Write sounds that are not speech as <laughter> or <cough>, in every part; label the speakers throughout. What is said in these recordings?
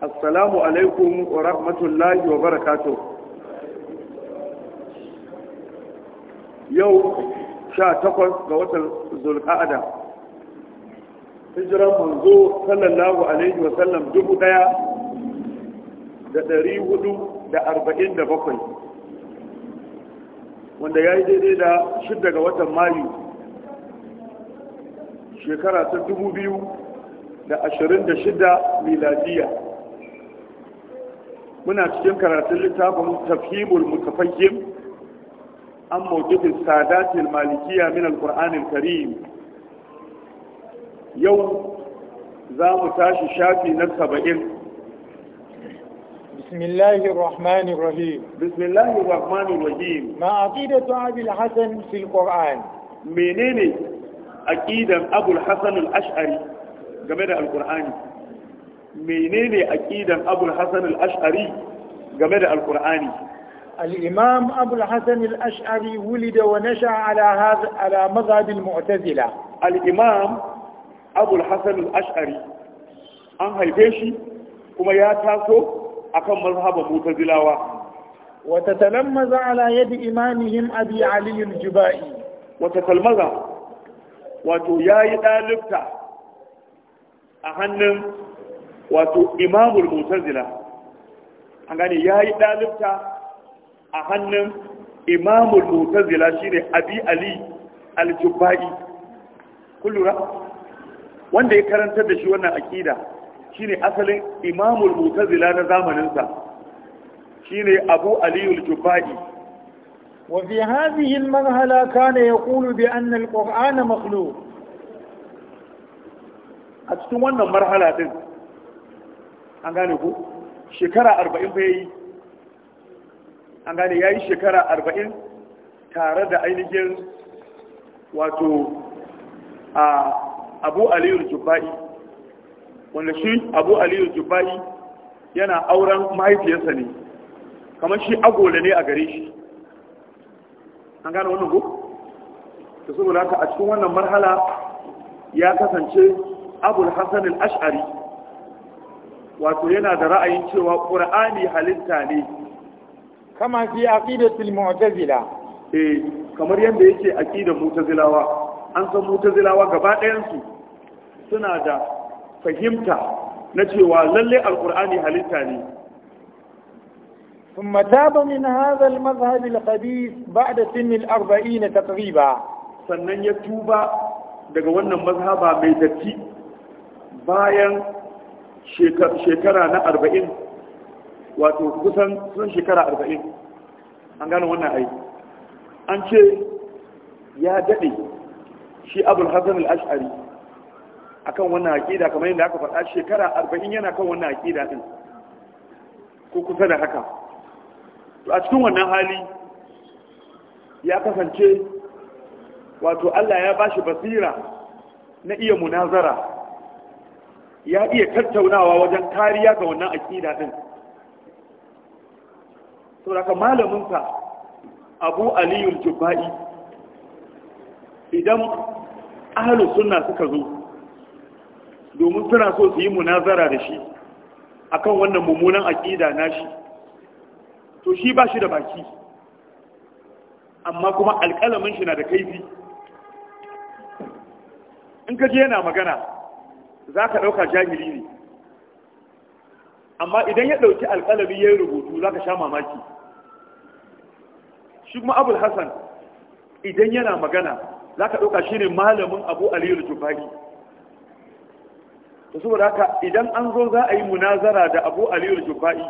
Speaker 1: assalamu alaikum wa rahmatullahi wa barakatuh yau sha takwas ga watan zulka'ada hijiran manzo sallallahu alaihi wa sallam dubu daya da dari hudu da arba'in da bakwai wanda ya yi daidai da shida ga watan mayu shekara ta dubu biyu da ashirin da shida miladiya muna cikin karatun littafin tafhimul mutafahim an mawqifin sadatil malikiya min alqur'anil karim yau
Speaker 2: za mu tashi shafi na saba'in بسم الله الرحمن الرحيم بسم الله الرحمن الرحيم ما عقيدة أبي الحسن في القرآن منين عقيدة أبو الحسن الأشعري
Speaker 1: جميل القرآن menene aqidan abul hasan al-ash'ari game da Alkur'ani? qurani
Speaker 2: al-imam abul hasan al-ash'ari wulida wa nasha ala hadha ala madhhab al-mu'tazila al-imam ashari
Speaker 1: an haife shi kuma ya taso akan madhhabin
Speaker 2: mu'tazilawa wa tatalammaza ala yadi imamihim ya yi al-jubai wa tatalammaza wato yayi dalifta
Speaker 1: a hannun wato imamul mutazila an gane ya yi ɗalibta a hannun imamul mutazila shine abi ali al-jubba'i kullura wanda ya karanta da shi wannan akida shine asalin imamul mutazila na zamaninsa shine abu ali al-jubba'i
Speaker 2: وفي هذه المرحلة كان يقول بأن القرآن مخلوق
Speaker 1: أتتوانا مرحلة دي. an gane ku shekara arba'in bai yi an gane ya yi shekara arba'in tare da ainihin wato a abu aliyu jubba'i wanda shi abu aliyu jubba'i yana auren mahaifiyarsa ne kamar shi agola ne a gare shi an gane wannan ku da saboda haka a cikin wannan marhala ya kasance abul hassan ashari wato yana da ra'ayin cewa qur'ani halitta ne kama fi aqidatul mu'tazila eh kamar yadda yake aqidar mu'tazilawa an san mu'tazilawa gaba ɗayan su suna da fahimta na cewa lalle alqur'ani halitta ne
Speaker 2: ثم تاب mazhabin هذا ba da بعد سن الأربعين تقريبا sannan ya tuba
Speaker 1: daga wannan mazhaba mai datti bayan shekara na arba'in wato kusan sun shekara arba'in an gano wannan aiki an ce ya daɗe shi abul hassan al'ashari a kan wannan aƙida kamar yadda aka faɗa shekara arba'in yana kan wannan aƙida ɗin ko kusa da haka to a cikin wannan hali ya kasance wato allah ya ba shi basira na iya munazara ya iya tattaunawa wajen kariya ga wannan aƙida din malamin malaminsa abu aliyul jubba'i idan ahalus sunna suka zo domin suna so su yi munazara da shi akan wannan mummunan aƙida nashi to shi ba shi da baki amma kuma alƙalamin shi na da kaifi in ka je yana magana za ka ɗauka jahili ne amma idan ya ɗauki alƙalami ya yi rubutu za ka sha mamaki shi kuma abul hassan idan yana magana za ka ɗauka shi ne malamin abu aliyu jubari ta saboda haka idan an zo za a yi munazara da abu aliyu jubari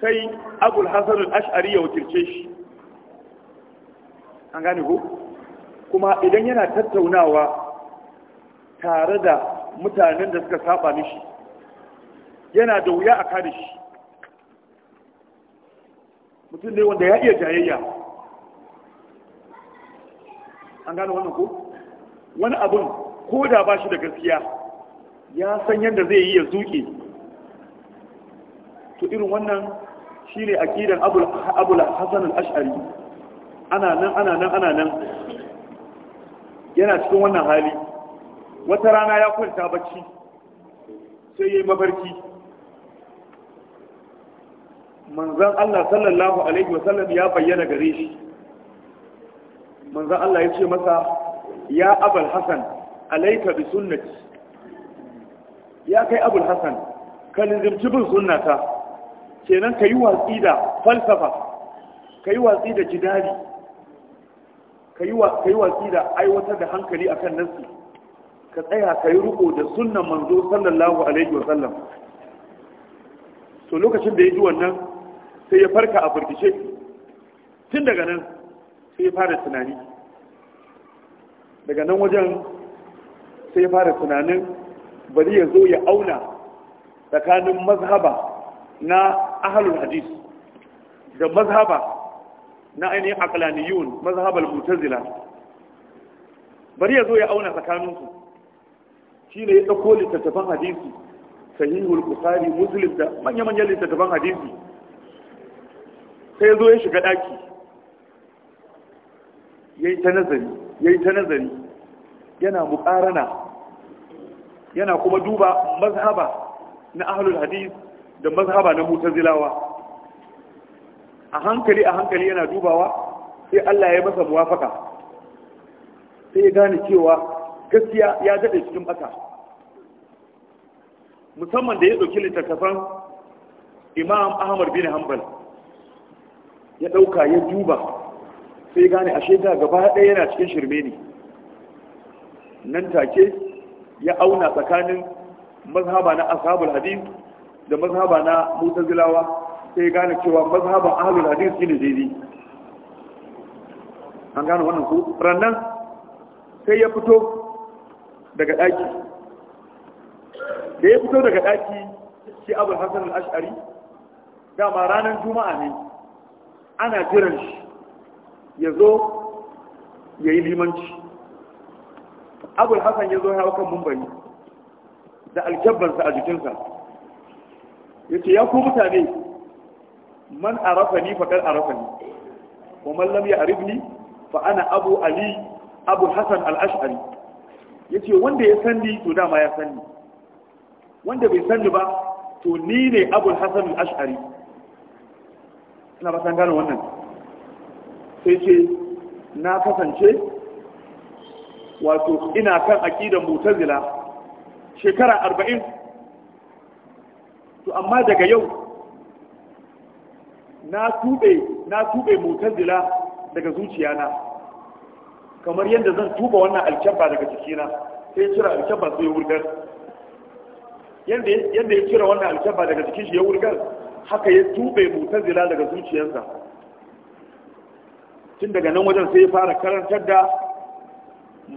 Speaker 1: sai abul hassan ash'ari ya wakilce shi an gane ko kuma idan yana tattaunawa tare da mutanen da suka saba mishi yana da wuya a kare shi mutum ne wanda ya iya jayayya an gane wannan ko wani abin ko da ba shi da gaskiya ya san yadda zai yi ya zuke to irin wannan shi ne akidan abula hassan ash'ari ana nan ana nan ana nan yana cikin wannan hali wata rana ya kwanta bacci sai ya yi mafarki manzan Allah sallallahu alaihi wasallam ya bayyana gare shi manzan Allah ya ce masa ya abul hasan alaika bi sunnati ya kai abul hasan ka lizimci bin sunnata kenan ka yi watsi da falsafa ka yi watsi da jidali ka yi watsi da aiwatar da hankali akan nasi. ka tsaya ka yi riko da sunan manzo sallallahu alaihi wa sallam to lokacin da ya ji wannan sai ya farka a firgice tun daga nan sai ya fara tunani daga nan wajen sai ya fara tunanin bari ya zo ya auna tsakanin mazhaba na ahalul hadis da mazhaba na ainihin akalaniyun mazhabar mutazila bari ya zo ya auna tsakaninsu shi ne ya ɗauko littattafan hadisi sahihul bukhari musulun da manya-manyan littattafan hadisi sai zo ya shiga ɗaki ya yi ta nazari ya yi ta nazari yana muƙarana yana kuma duba mazhaba na ahalul hadis da mazhaba na mutazilawa a hankali a hankali yana dubawa sai Allah ya masa muwafaka
Speaker 2: sai ya gane cewa
Speaker 1: gaskiya ya daɗe cikin bata musamman da ya ɗauki littattafan imam ahmad bin hanbal ya ɗauka ya duba sai gane ashe da gaba ɗaya yana cikin shirme ne nan take ya auna tsakanin mazhaba na ashabul hadith da mazhaba na mutazilawa sai gane cewa mazhaban ahlul hadith shine daidai an gane wannan ku rannan sai ya fito daga ɗaki da ya fito daga ɗaki shi abu hassan al'ashari dama ranar juma'a ne ana jiran shi ya zo ya yi limanci abu hassan ya zo ya hau kan mumbari da alkyabbansa a jikinsa ya ce ya ku mutane man arafa ni faɗar arafa ni kuma man lam ya arif ni fa ana abu ali abu hassan al'ashari ya ce wanda ya sanni to dama ya sani wanda bai sanni ba to ni ne abul hasan al-ash'ari ina ba san wannan sai ce na kasance wato ina kan aƙidan mutazila shekara arba'in to amma daga yau na tube na tube mutazila daga zuciyana kamar yadda zan tuba wannan alkyabba daga jikina sai ya cire alkyabba sai ya wurgar yadda ya cire wannan alkyabba daga jikin shi ya wurgar haka ya tube zila daga zuciyarsa tun daga nan wajen sai ya fara karantar da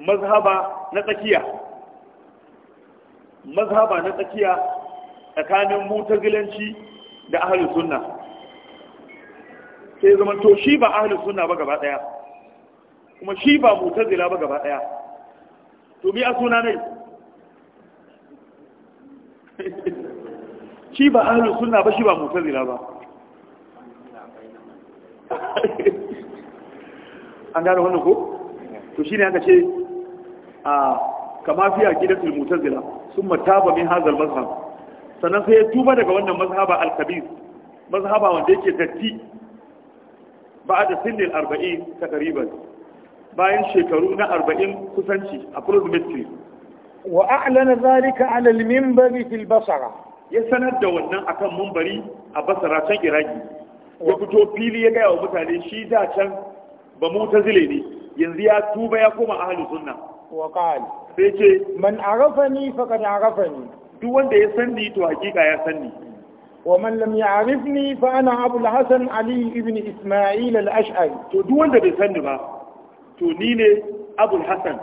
Speaker 1: mazhaba na tsakiya mazhaba na tsakiya tsakanin zilanci da ahalin sunna sai zama to shi ba ahalin sunna ba gaba daya kuma shi ba mutazila ba gaba daya to bi a suna ne <laughs> shi ba ahlus sunna ba shi ba mutazila ba <laughs> an gane wannan ko to shine aka ce a kama fi aqidatul mutazila summa taba min hadha mazhab sannan sai ya tuba daga wannan mazhaba al-kabir mazhaba wanda yake datti ba'da sinni arba'in 40 takriban bayan shekaru na arba'in kusanci a proximity
Speaker 2: wa a'lana zalika ala al-minbari fil basra
Speaker 1: ya sanar da wannan akan mumbari a basara can iraki ya fito fili ya gaya wa mutane shi da can ba mu ta zile ne
Speaker 2: yanzu ya tuba ya koma ahlus sunna wa qala sai ce man arafani faqad arafani duk wanda ya san ni, to hakika ya san ni. Wa fa sanni ومن لم يعرفني ibn Isma'il الحسن علي To duk wanda bai san ni ba.
Speaker 1: to ni ne abul hasan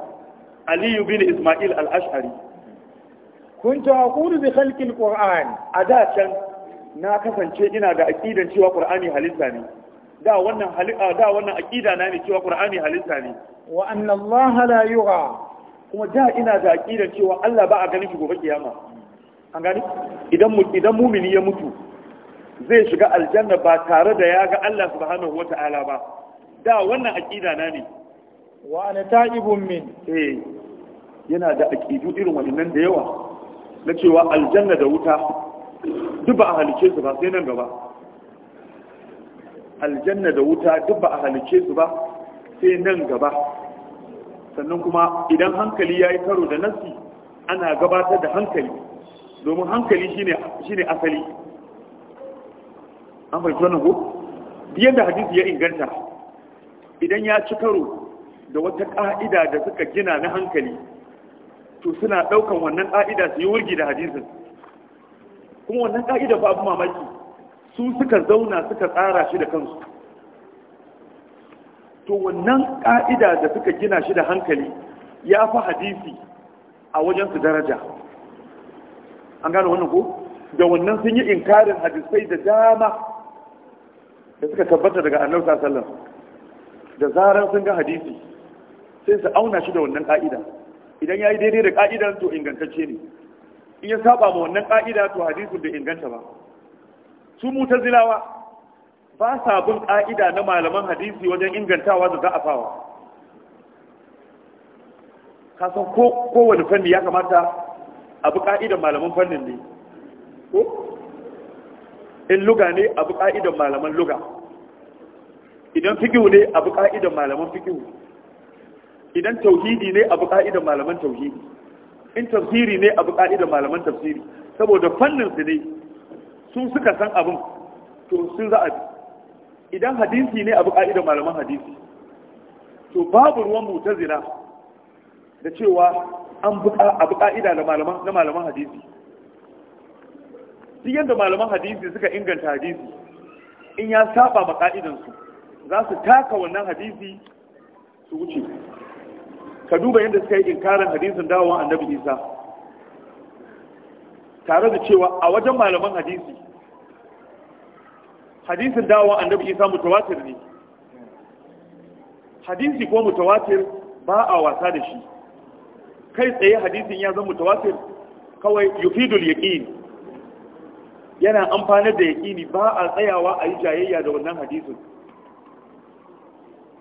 Speaker 1: aliyu bin ismail Al'ashari.
Speaker 2: Kun kuntu aqulu bi halkin al a da can na kasance ina
Speaker 1: da aƙidan cewa qur'ani halitta ne da wannan da wannan aqida na ne cewa qur'ani halitta ne
Speaker 2: wa anna allah la yura kuma da ina da aƙidan cewa Allah ba a
Speaker 1: ganin shi gobe kiyama an gani idan idan mumini ya mutu zai shiga aljanna ba tare da ya ga Allah subhanahu wataala ba da wannan aqida na ne wa ana ta'ibun min eh yana da aqidu irin wannan da yawa na cewa aljanna da wuta duk ba a halice su ba sai nan gaba aljanna da wuta duk ba a halice su ba sai nan gaba sannan kuma idan hankali ya yi karo da nasi ana gabatar da hankali domin hankali shine asali an fahimci wannan ko biyan da hadisi ya inganta idan ya ci karo da wata ƙa'ida da suka gina na hankali to suna ɗaukan wannan ƙa'ida su yi wurgi da hadisin kuma wannan ƙa'ida ba abu mamaki su suka zauna suka tsara shi da kansu to wannan ƙa'ida da suka gina shi da hankali ya fi hadisi a wajensu daraja an gane wannan ko da wannan sun yi inkarin hadisai da dama da suka tabbata daga annabta sallallahu da zarar sun ga hadisi sai su auna shi da wannan ka'ida. idan ya yi daidai da ka'idan to ingantacce ne in ya saba ma wannan ka'ida to hadisu da inganta ba su zilawa ba sa bin ka'ida na malaman hadisi wajen ingantawa da za a fawa ko kowane fanni ya kamata abu ka'idan malaman fannin ne ko in luga ne abu ka'idan malaman luga idan fikihu ne abu ka'idan malaman fikihu idan tauhidi ne abu ka'idar malaman tauhidi in tafsiri ne abu ka'idar malaman tafsiri saboda fannin su ne sun suka san abin to sun za a idan hadisi ne abu ka'idar malaman hadisi to babu ruwan mutazila da cewa an abu ka'ida na malaman hadisi duk yadda malaman hadisi suka inganta hadisi in ya saba ma ka'idansu za su taka wannan hadisi su wuce ka duba yadda suka yi inkarin hadisin dawowar annabi isa tare da cewa a wajen malaman hadisi hadisin dawowar annabi isa mutawatir ne hadisi ko mutawatir ba a wasa da shi kai tsaye hadisin ya zama mutawatir kawai yufidul yaqin yana amfanar da yaƙini, ba a tsayawa a yi jayayya da wannan hadisin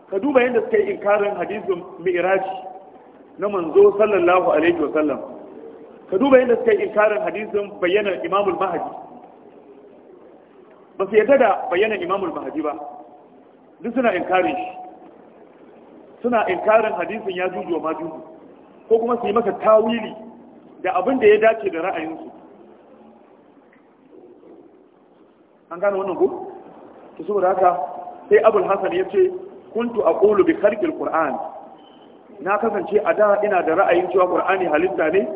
Speaker 1: ka duba yadda suka yi inkarin hadisin mi'raji na manzo sallallahu alaihi wa sallam ka duba yadda suka yi inkarin hadisin bayyana imamul mahadi ba su yadda da bayyana imamul mahadi ba duk suna inkarin shi suna inkarin hadisin ya juju wa majuju ko kuma su yi maka tawili da abin da ya dace da ra'ayinsu an gane wannan ku. Su saboda haka sai abul hasan ya ce kuntu aqulu bi kharqil qur'an na kasance a da ina da ra'ayin cewa qur'ani halitta ne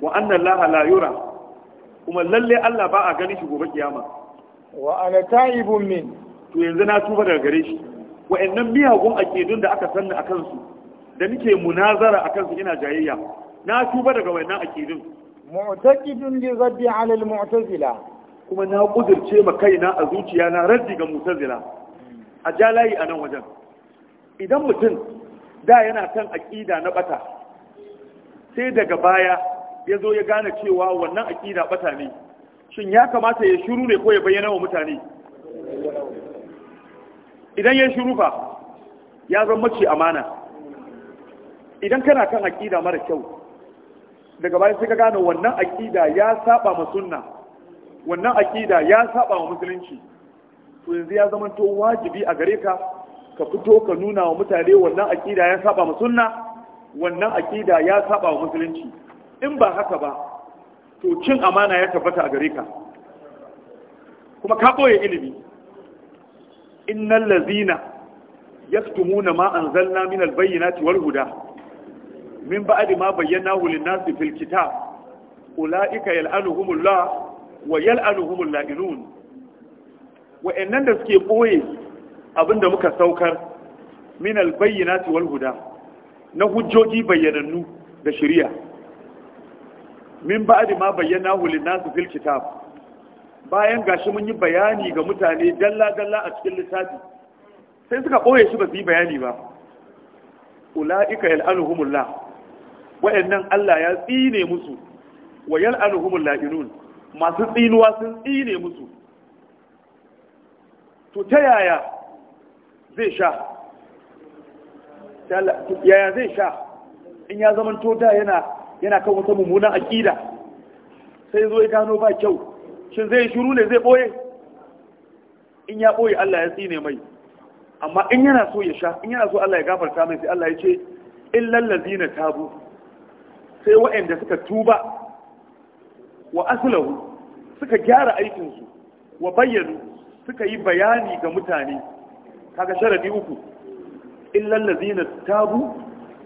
Speaker 1: wa anna allaha la yura kuma lalle Allah ba a gani shi gobe kiyama wa ana ta'ibun min to yanzu na tuba daga gare shi wa'annan miyagun akidun da aka sanna akan su da nake munazara akan su ina jayayya na tuba daga wa'annan akidun
Speaker 2: mu'taqidun li raddi 'ala al-mu'tazila kuma na kudirce ma kaina
Speaker 1: a zuciya na raddi ga mu'tazila a jalayi a nan wajen idan mutum da yana kan aƙida na bata sai daga baya ya zo ya gane cewa wannan aƙida bata ne shin ya kamata ya shiru ne ko ya bayyana wa mutane idan ya shiru fa ya zama mace amana idan kana kan aƙida mara kyau daga baya sai ka gane wannan aƙida ya saba ma sunna wannan aƙida ya saba wa musulunci to yanzu ya zama to wajibi a gare ka ka fito ka nuna wa mutane wannan akida ya saba ma sunna wannan aƙida ya saba wa musulunci in ba haka ba to cin amana ya tabbata a gare ka kuma ka boye ilimi innal lazina yaktumuna ma anzalna min albayyinati wal huda min ba'di ma bayyanahu lin-nasi fil kitab ulaika yal'anuhumullah wa yal'anuhumul la'inun wa'annan da suke ɓoye. da muka saukar min albayyinati wal huda na hujjoji bayyanannu da shari'a min ba'di ma bayyana hulin nasu fil kitab bayan gashi mun yi bayani ga mutane dalla dalla a cikin littafi sai suka ɓoye shi ba su yi bayani ba ula'ika yal'anuhumullah wayannan Allah ya tsine musu wa yal'anuhumul la'inun masu tsinuwa sun tsine musu to ta yaya zai sha yaya zai sha in ya zama tota yana yana kan wata mummunan aƙida sai zo ya gano ba kyau shin zai shiru ne zai ɓoye in ya ɓoye Allah ya tsine mai amma in yana so ya sha in yana so Allah ya gafarta mai sai Allah ya ce illal ladina tabu sai waɗanda suka tuba wa aslahu suka gyara aikinsu wa bayyanu suka yi bayani ga mutane kaga sharadi uku illal ladina tabu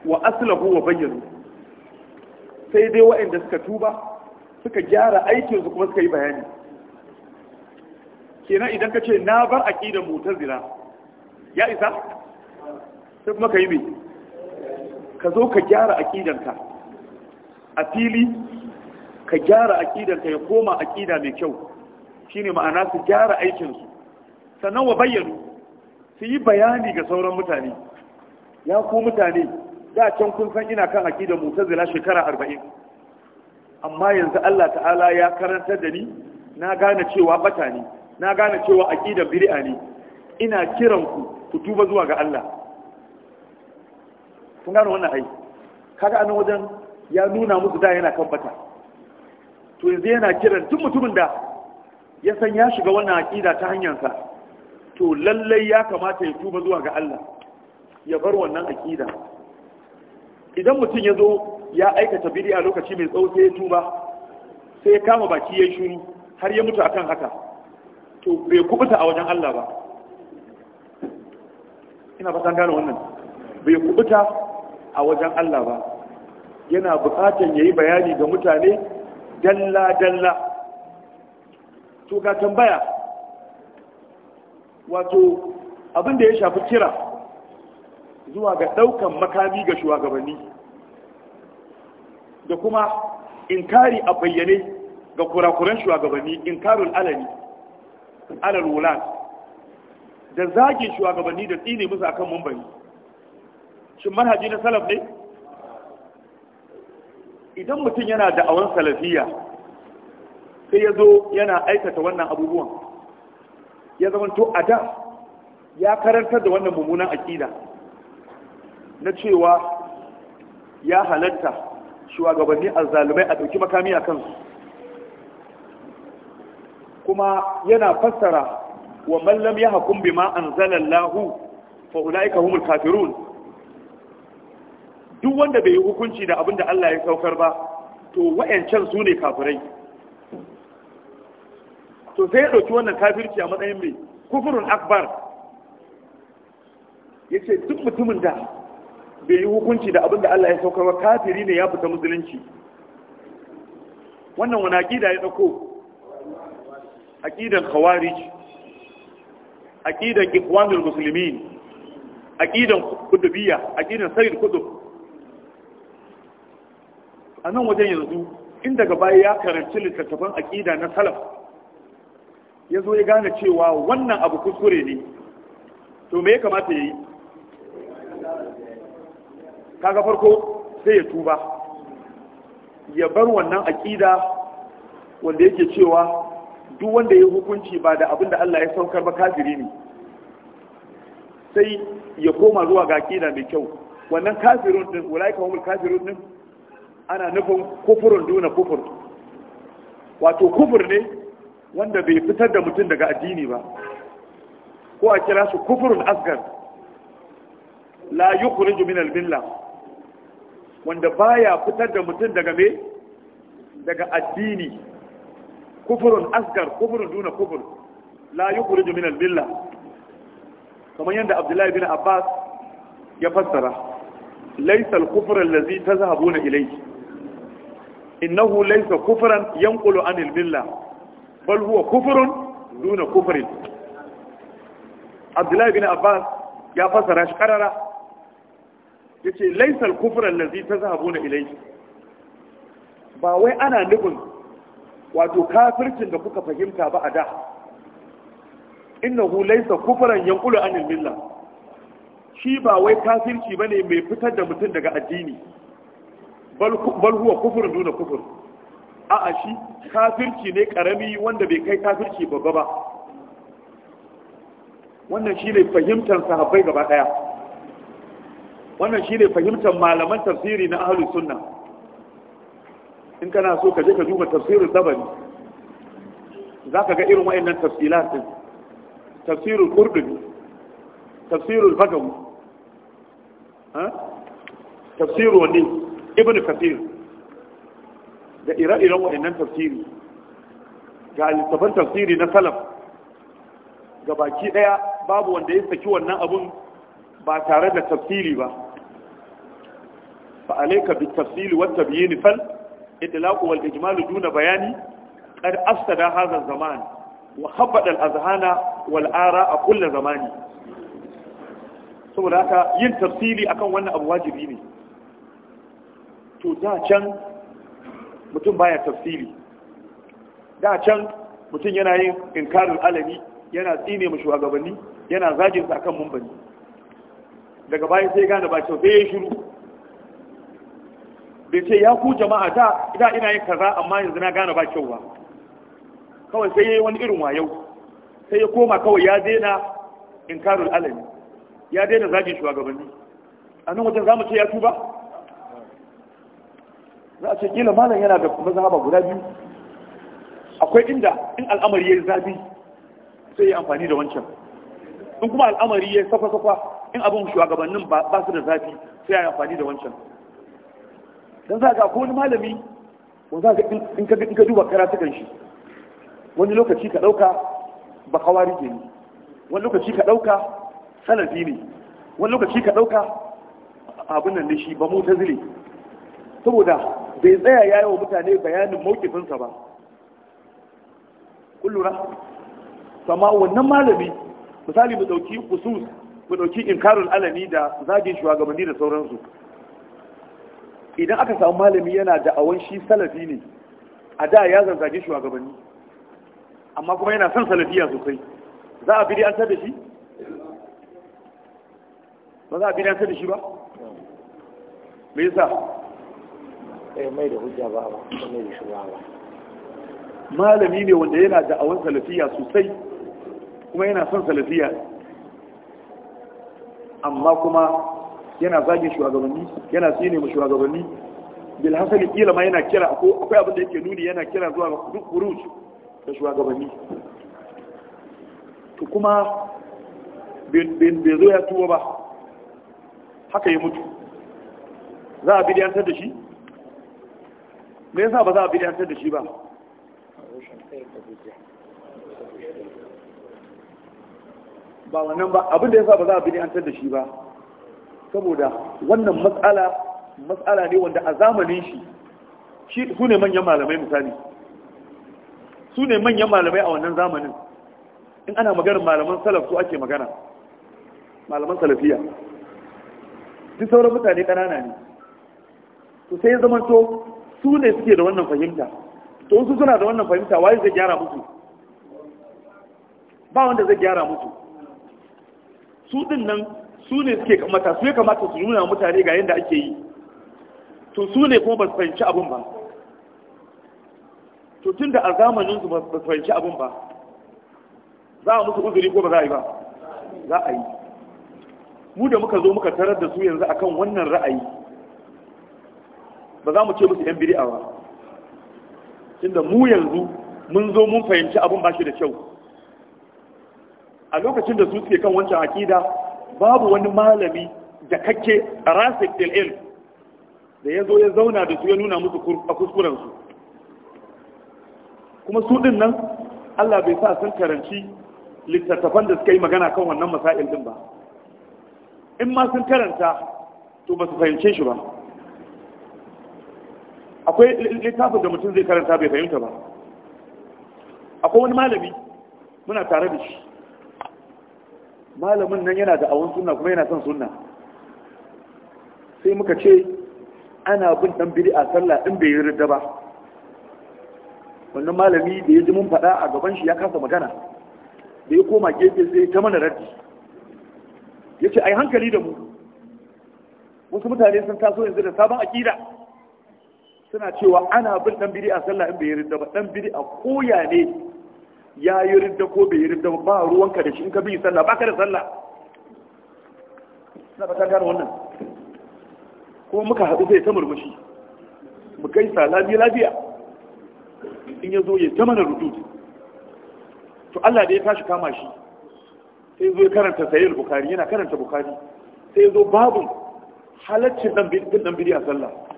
Speaker 1: wa aslahu wa bayyanu sai dai waɗanda suka tuba suka gyara aikin su kuma suka yi bayani kenan idan ka ce na bar aqidar mu'tazila ya isa sai kuma ka yi me ka zo ka gyara aqidanka a fili ka gyara aqidanka ya koma aqida mai kyau shine ma'ana su gyara aikin su sannan wa bayyanu su yi bayani ga sauran mutane ya ku mutane da can kun san ina kan aƙidar mutazila shekara arba'in amma yanzu Allah ta'ala ya karantar da ni na gane cewa bata ne na gane cewa aƙidar biri'a ne ina kiran ku ku tuba zuwa ga Allah kun gane wannan ai kaga anan wajen ya nuna musu da yana kan bata to yanzu yana kiran duk mutumin da ya san ya shiga wannan aƙida ta hanyarsa to lallai ya kamata ya tuba zuwa ga Allah ya bar wannan akida idan mutum ya zo ya aikata bid'a lokaci mai tsawo ya tuba sai ya kama baki ya shuru har ya mutu akan haka to bai kubuta a wajen Allah ba ina fatan gane wannan bai kubuta a wajen Allah ba yana bukatan yayi bayani ga mutane dalla dalla to ga tambaya wato abin da ya shafi kira zuwa ga daukan makami ga shugabanni da kuma inkari a bayyane ga kurakuran shugabanni inkarul alani alal wulan da zagin shugabanni da tsine musu akan mumbari shin manhaji na salaf ne idan mutum yana da awon salafiya sai ya zo yana aikata wannan abubuwan ya zamanto a da ya karantar da wannan mummunan aƙida na cewa ya halatta shugabanni azzalumai a ɗauki makami a kansu kuma yana fassara wa mallam ya hakun bima anzalallahu fa ulaika humul kafirun duk wanda bai yi hukunci da abin da Allah ya saukar ba to wayancan su ne kafirai to sai ya ɗauki wannan kafirci a matsayin mai kufurin akbar ya ce duk mutumin da bai yi hukunci da abinda da Allah ya saukar wa kafiri ne ya fita musulunci wannan wani aƙida ya ɗauko aƙidan khawarij aƙidan ikwanul Musulmi. aƙidan kudubiya aƙidan sayyid kudub a nan wajen yanzu in daga baya ya karanci littattafan aƙida na salaf ya zo ya gane cewa wannan abu kuskure ne to me ya kamata ya yi kaga farko sai ya tuba ya bar wannan aƙida wanda yake cewa duk wanda ya hukunci ba da abinda Allah ya saukar ba kafiri ne sai ya koma zuwa ga aƙida mai kyau wannan kafirun din walaika humul kafirun din ana nufin kufurun duna kufur wato kufur ne wanda bai fitar da mutum daga addini ba ko a kira su kufurin asgar la yi min al-milla wanda baya fitar da mutum daga me daga addini kufurin asgar kufurin duna kufur la yi min al-milla kamar yadda Abdullahi bin Abbas ya fassara laysa al-kufr allazi tazhabuna ilayhi innahu laysa kufran yanqulu anil milla bal huwa kufurun kufurin abdullahi bin abbas ya fasa shi karara ya ce laisar kufuran lazi ta ba wai ana nufin wato kafircin da kuka fahimta ba a da innahu laisa kufuran yankulu anil milla shi ba wai kafirci bane mai fitar da mutum daga addini bal huwa kufurun duna kufur a'a shi kafirci ne karami wanda bai kai kafirci babba ba wannan shi ne fahimtar sahabbai gaba daya wannan shi ne fahimtar malaman tafsiri na ahalus sunna in kana so ka je ka duba tafsirin zabani za ka ga irin wa'annan tafsilat din tafsirul qurdubi tafsirul bagawi ha wani kathir da ire-iren waɗannan tafsiri ga littafan tafsiri na salaf ga baki ɗaya babu wanda ya saki wannan abun ba tare da tafsiri ba fa alayka bit tafsili wat tabyin fal idlaq wal ijmal duna bayani qad da hadha zaman wa khabada azhana wal'ara a kulla zamani saboda haka yin tafsiri akan wannan abu wajibi ne to da can mutum baya tafsiri da can mutum yana yin inkarin alami yana tsine mu shugabanni yana zagin sa kan mumbani daga bayan sai gane ba kyau sai ya shiru bai ce ya ku jama'a da ina ina yin kaza amma yanzu na gane ba kyau ba kawai sai ya yi wani irin wayau sai ya koma kawai ya daina inkarin alami ya daina zagin shugabanni a nan wajen za mu ce ya tuba za a ce kila malam yana da mazhaba guda biyu akwai inda in al'amari ya yi zafi sai ya amfani da wancan in kuma al'amari ya sakwa-sakwa in abin shugabannin ba su da zafi sai ya amfani da wancan don za ga wani malami wanda in ka duba karatukan shi wani lokaci ka ɗauka ba kawari ke ne wani lokaci ka ɗauka salafi ne wani lokaci ka ɗauka abin nan da shi ba mu ta zile saboda bai tsaya ya yi wa mutane bayanin maukifinsa ba kullura sama wannan malami misali mu dauki kusus mu dauki inkarul alami da zagin shugabanni da sauransu idan aka samu malami yana da awon shi salafi ne a da ya zazzage shugabanni amma kuma yana son salafiya sosai za a bidi an da shi ba za a bidi an da shi ba me yasa Eh, mai da hujja ba ba mai da shugaba ba malami ne wanda yana da awon salafiya sosai kuma yana son salafiya amma kuma yana zagin shugabanni yana tsine mu shugabanni bil hasali kila ma yana kira akwai abin da yake nuni yana kira zuwa ga duk kuruj da shugabanni to kuma bai zo ya tuwo ba haka ya mutu za a bidiyantar da shi me yasa ba za a bidantar da shi ba ba wannan ba abin da yasa ba za a bidantar da shi ba saboda wannan matsala matsala ne wanda a zamanin shi su ne manyan malamai misali su ne manyan malamai a wannan zamanin in ana maganar malaman salaf su ake magana malaman salafiya duk sauran mutane ƙanana ne to sai ya to su ne suke da wannan fahimta to su suna da wannan fahimta waye zai gyara musu ba wanda zai gyara musu su din nan su ne suke kamata su ya kamata su nuna mutane ga yadda ake yi to su ne kuma ba su fahimci abin ba to tun da a zamanin su ba su fahimci abin ba za a musu uzuri ko ba za a yi ba za a yi mu da muka zo muka tarar da su yanzu akan wannan ra'ayi ba za mu ce musu yan biri'a ba tunda mu yanzu mun zo mun fahimci abun ba shi da kyau a lokacin da su suke kan wancan akida babu wani malami da kake rasik til ilm da ya zo ya zauna da su ya nuna musu a kuskurensu kuma su din nan Allah bai sa sun karanci littattafan da suka yi magana kan wannan masail din ba in ma sun karanta to ba su fahimce shi ba akwai littafin da mutum zai karanta bai fahimta ba akwai wani malami muna tare da shi malamin nan yana da awon suna kuma yana son sunna sai muka ce ana bin dan biri a sallah din bai yi ba wannan malami da ya ji mun faɗa a gaban shi ya kasa magana da ya koma gefe sai ta mana raddi ya ce yi hankali da mu wasu mutane sun taso yanzu da sabon aƙida suna cewa ana bin dan bid'a sallah in bai yi ridda ba dan bid'a koya ne ya yi ridda ko bai yi ridda ba ba ruwanka da shi in ka bi sallah ba ka da sallah na ba ta gano wannan kuma muka haɗu zai ta murmushi mu kai sa lafiya lafiya in ya zo ya ta mana rudu to Allah da ya tashi kama shi sai zo ya karanta sayyid bukari yana karanta bukari sai zo babu halaccin dan bid'a sallah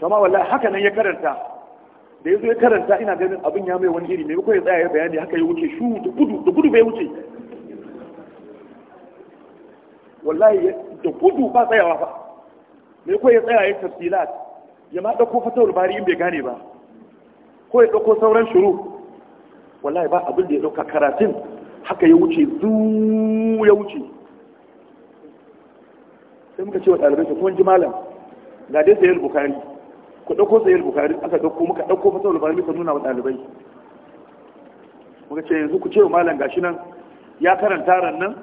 Speaker 1: kama wallahi haka nan ya karanta da yazo ya karanta ina ganin abin ya mai wani iri mai ko ya tsaya ya bayani haka ya wuce shu da gudu da gudu bai wuce wallahi da gudu ba tsayawa ba mai ko ya tsaya ya tafsilat ya ma dauko fatawul bari in bai gane ba ko ya dauko sauran shuru wallahi ba abin da ya dauka karatun haka ya wuce zu ya wuce sai muka ce wa ɗalibai su kun ji malam ga dai sayar bukari ku ɗauko sayar bukari aka ɗauko muka ɗauko fasahar bukari muka nuna wa ɗalibai muka ce yanzu ku ce wa malam gashi nan ya karanta ran nan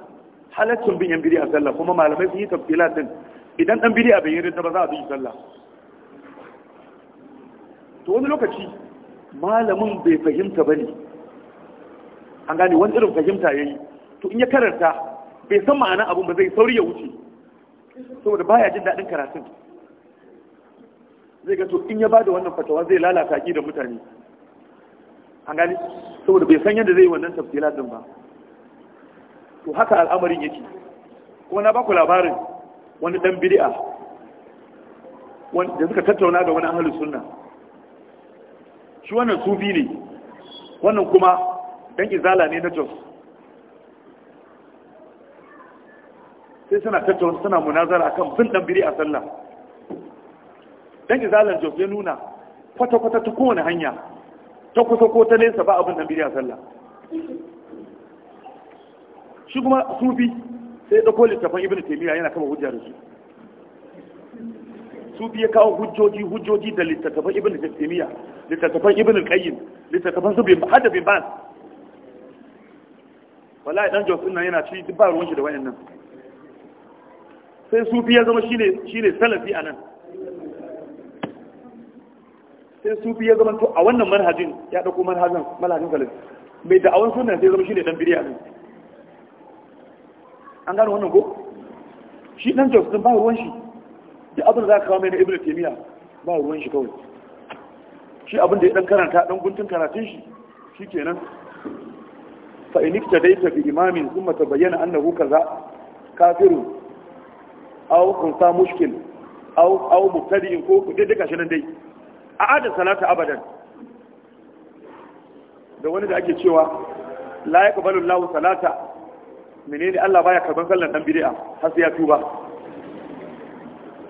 Speaker 1: halaccin bin yan biri a sallah kuma malamai sun yi tafila din idan ɗan biri a bai yi ba za a bi sallah to wani lokaci malamin bai fahimta ba ne an gane wani irin fahimta ya yi to in ya karanta bai san ma'ana abun ba zai sauri ya wuce saboda baya jin daɗin karatun zai gato in ya bada wannan fatawa zai lalata ki da mutane an gani saboda bai san yadda zai yi wannan tafsila din ba to haka al'amarin yake kuma na baku labarin wani dan bid'a da suka tattauna da wani ahlus sunna shi wannan sufi ne wannan kuma dan izala ne na jos sai suna tattauna suna munazara akan bin dan bid'a sallah dan izalan jos ya nuna kwata-kwata ta kowane hanya ta kusa ko ta nesa ba abin nan bidiyar sallah shi kuma sufi sai ɗauko littafan ibn taimiyya yana kama hujjar da su sufi ya kawo hujjoji hujjoji da littattafan ibn taimiyya littattafan ibn kayyin littattafan su har hada bin Wala wallahi dan jos nan yana ci duk ba ruwan shi da wayannan sai sufi ya zama shine shine salafi nan. sai sufi ya zama to a wannan manhajin ya dauko manhajin malhajin kalis mai da'awan sunan sai zama ne dan biriya ne an gano wannan ko shi dan jos din ba ruwan shi Da abin da za ka kawo mai na ibnu taymiya ba ruwan shi kawai shi abin da ya dan karanta dan guntun karatun shi shikenan fa in iktadaita bi imamin thumma tabayyana annahu kaza kafirun aw kunta mushkil aw aw mubtadi'in ko dai duka shi nan dai a adin salata abadan da wani da ake cewa la ya kabalun lawu salata menene Allah baya karban sallan dan bid'a har sai ya tuba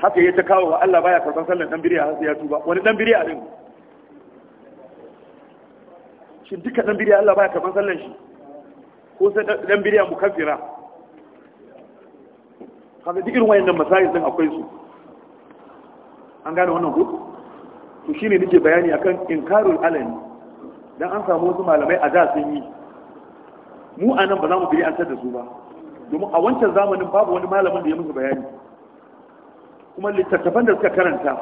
Speaker 1: haka yake ta kawo Allah baya karban sallan dan bid'a har sai ya tuba wani dan bid'a din shi duka dan bid'a Allah baya karban sallan shi ko sai dan bid'a mukaffira haka duk irin wayannan masayin din akwai su an gane wannan ku to ne nake bayani akan inkarul alani dan an samu wasu malamai a da sun yi mu a nan ba za mu biri an da su ba domin a wancan zamanin babu wani malamin da ya musu bayani kuma littattafan da suka karanta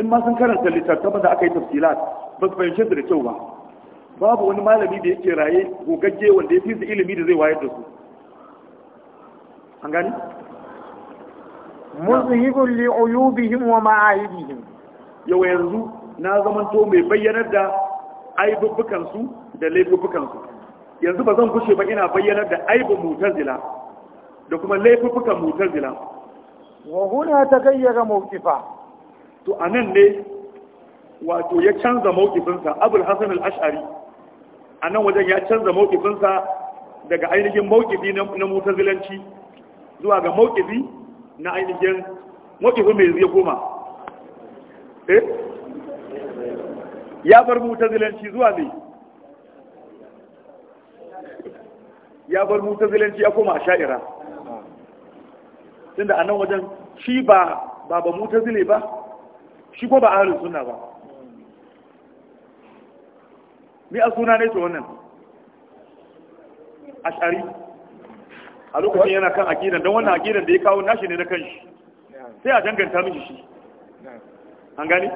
Speaker 1: in ma sun karanta littattafan da aka yi tafsilat ba su fahimce su da kyau ba babu wani malami da yake raye gogagge wanda ya fi su ilimi da zai wayar da su an gani muzhibun
Speaker 2: li uyubihim wa ma'aibihim
Speaker 1: yau yanzu na zamanto mai bayyanar da aibubbukansu da laifubbukansu yanzu ba zan kushe ba ina bayyanar da aibun mutazila da kuma laifubbukan mutazila
Speaker 2: wa huna gayyara mawkifa
Speaker 1: to anan ne wato ya canza mawkifinsa Abul Hasan al-Ash'ari anan wajen ya canza mawkifinsa daga ainihin mawkifi na mutazilanci zuwa ga mawkifi na ainihin mawqifin mai zai koma eh ya bar mutazilanci zuwa ne ya bar mutazilanci ya koma sha'ira tunda a nan wajen shi ba ba ba mutazile ba shi ko ba ahlus sunna ba ni a suna ne to wannan ash'ari a lokacin yana kan aqidan dan wannan aqidan da ya kawo nashi ne na kanshi sai a danganta mishi shi an gani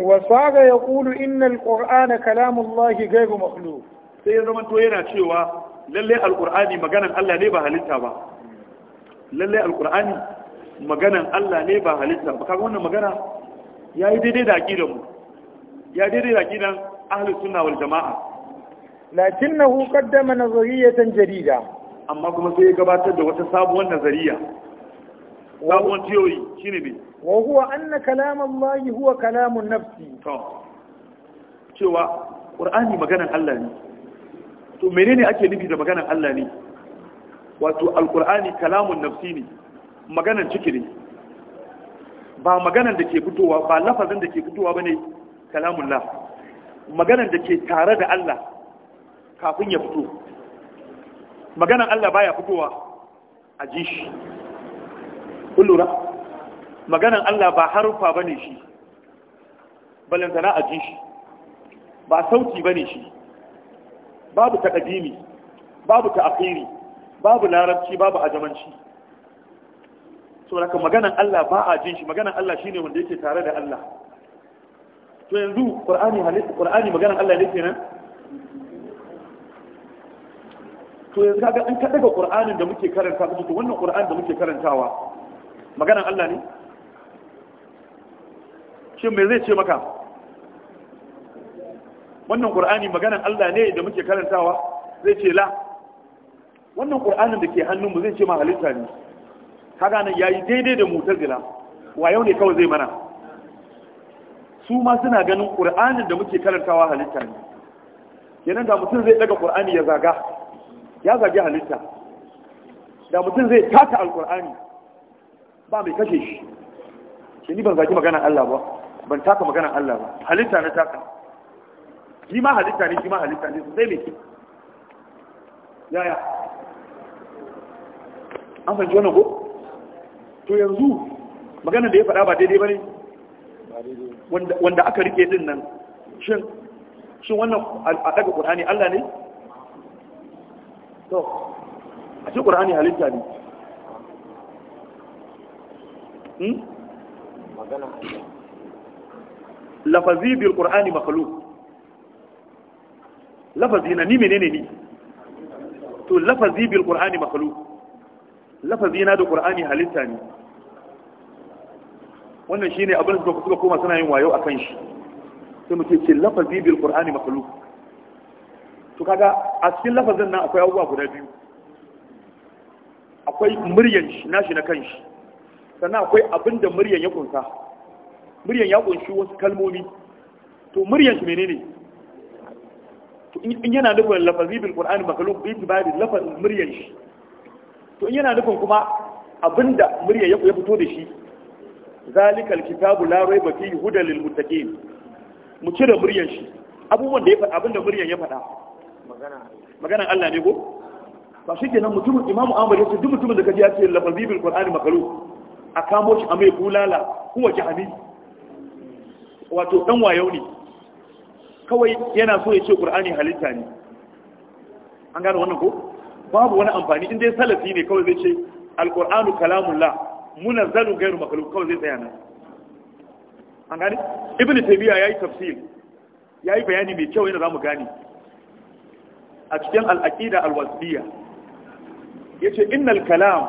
Speaker 2: وصار ya إن القرآن كلام الله غير مخلوق
Speaker 1: sai zama to yana cewa lalle alƙur'ani maganan Allah ne ba halitta ba lalle alƙur'ani maganan Allah ne ba halitta ba kaga wannan magana yayi daidai da aqidar mu ya daidai da aqidan ahlus sunna wal jamaa
Speaker 2: lakinnahu qaddama nazariyatan jadida amma kuma sai ya gabatar da wata
Speaker 1: sabuwar nazariya sabuwar theory shine bai.
Speaker 2: wa huwa anna kalam Allah huwa kalamun nafsi
Speaker 1: cewa qur'ani maganar Allah ne to menene ake nufi da maganar Allah ne wato alqur'ani kalamun nafsi ne maganar ciki ne ba maganar da ke fitowa ba lafazin da ke fitowa bane kalamun la maganar da ke tare da Allah kafin ya fito maganar Allah baya fitowa a maganan Allah ba harufa bane shi balantana a ji shi ba sauti bane shi babu takadimi babu ta'akhiri babu larabci babu ajamanci saboda haka maganan Allah ba a jin shi maganan Allah shine wanda yake tare da Allah to yanzu qur'ani halitta qur'ani maganan Allah ne ke nan? to yanzu kaga in ka daga qur'anin da muke karanta to wannan qur'an da muke karantawa maganan Allah ne shin me zai ce maka wannan ƙur'ani maganan Allah ne da muke karantawa zai ce la wannan qur'anin da ke hannun mu zai ce ma halitta ne kaga nan yayi daidai da gila wa yau ne kawai zai mana su ma suna ganin qur'anin da muke karantawa halitta ne kenan da mutum zai daga ƙur'ani ya zaga ya zagi halitta da mutum zai taka alƙur'ani ba mai kashe shi shi ni ban zagi maganar Allah ba ban taka maganar Allah ba halitta na taka shi ma halitta ne shi ma halitta ne sai ne yaya an fahimci wannan ko to yanzu maganar da ya faɗa ba daidai ba ne wanda aka rike din nan shin shin wannan a daga ƙur'ani Allah ne to a ce ƙur'ani halitta ne hmm? magana lafazi bil qur'ani makhluq lafazi na ni menene ni to lafazi bil qur'ani makhluq lafazi na da qur'ani halitta ne wannan shine abin da suka koma suna yin wayo akan shi sai mu ce lafazi bil qur'ani makhluq to kaga a cikin lafazin nan akwai abubuwa guda biyu akwai muryan shi nashi na kanshi sannan akwai abin da muryan ya kunsa muryan ya kunshi wasu kalmomi to muryan shi menene to in yana nufin lafazi bil qur'ani makaluk bi tibadi lafaz muryan shi to in yana nufin kuma abinda murya ya fito da shi zalikal kitabu la rayba fihi hudal lil muttaqin mu cire muryan shi abubuwan da ya faɗa abinda muryan ya faɗa magana Allah ne ko ba shi kenan mutumin imamu amur ya ce duk mutumin da kaji ya ce lafazi bil qur'ani makaluk a kamo shi a mai bulala kuma jahannami wato ɗan wayo ne kawai yana so ya ce ƙur'ani halitta ne an gane wannan ko babu wani amfani in dai salafi ne kawai zai ce Alƙur'anu alqur'anu muna zanu gairu makalu kawai zai tsaya nan an gane ibnu taymiya yayi tafsir yayi bayani mai kyau za zamu gane a cikin al-aqida al-wasbiyya yace innal kalam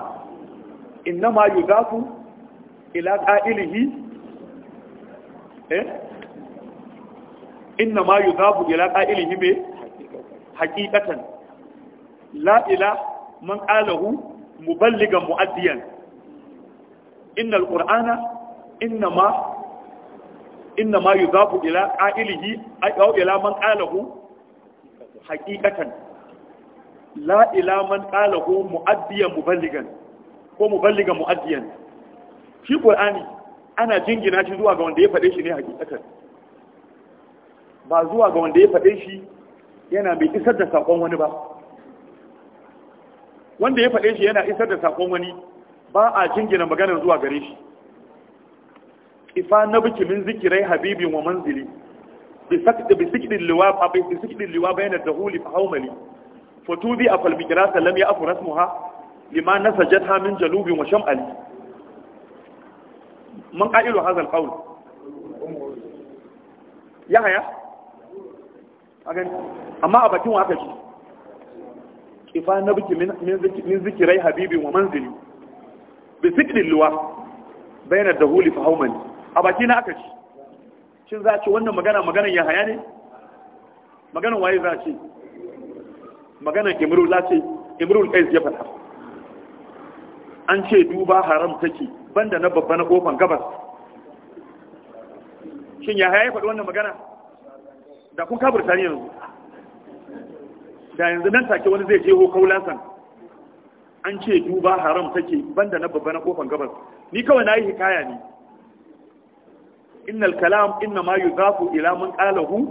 Speaker 1: innama yudafu ila qa'ilihi eh inna ma yuzabu ila qa'ilihi bi haqiqatan la ila man qalahu muballigan muaddiyan innal qur'ana inna ma inna ma yuzabu ila qa'ilihi aw ila man qalahu haqiqatan la ila man qalahu muaddiyan muballigan ko muballigan muaddiyan shi qur'ani ana jingina shi zuwa ga wanda ya faɗe shi ne hakikatan ba zuwa ga wanda ya faɗe shi yana mai isar da saƙon wani ba wanda ya faɗe shi yana isar da saƙon wani ba a jingina maganar zuwa gare shi ifa na biki min zikirai habibin wa manzili bisikidin liwa abin bisikidin liwa bayan da huli fa haumali a falmikira sallam ya afu rasmuha lima nasajat min jalubin wa sham'ali man qailu hadha alqawl ya haya agan amma a bakin wa aka ji kifa na biki min zikirai habibi wa manzili bi sikrin luwa bayanar da huli fa haumani a baki aka ci shin za a ce wannan magana maganan ya haya ne maganan waye za a ce maganan imrul ce imrul qais ya faɗa an ce duba haram take banda na babba na kofan gabas shin ya haya faɗi wannan magana da kun kaburta ne yanzu da yanzu nan take wani zai jeho kaulasan an ce duba haram take banda na babba na kofan gabas ni kawai na yi hikaya ne innal kalam inna ma yuzafu ila man qalahu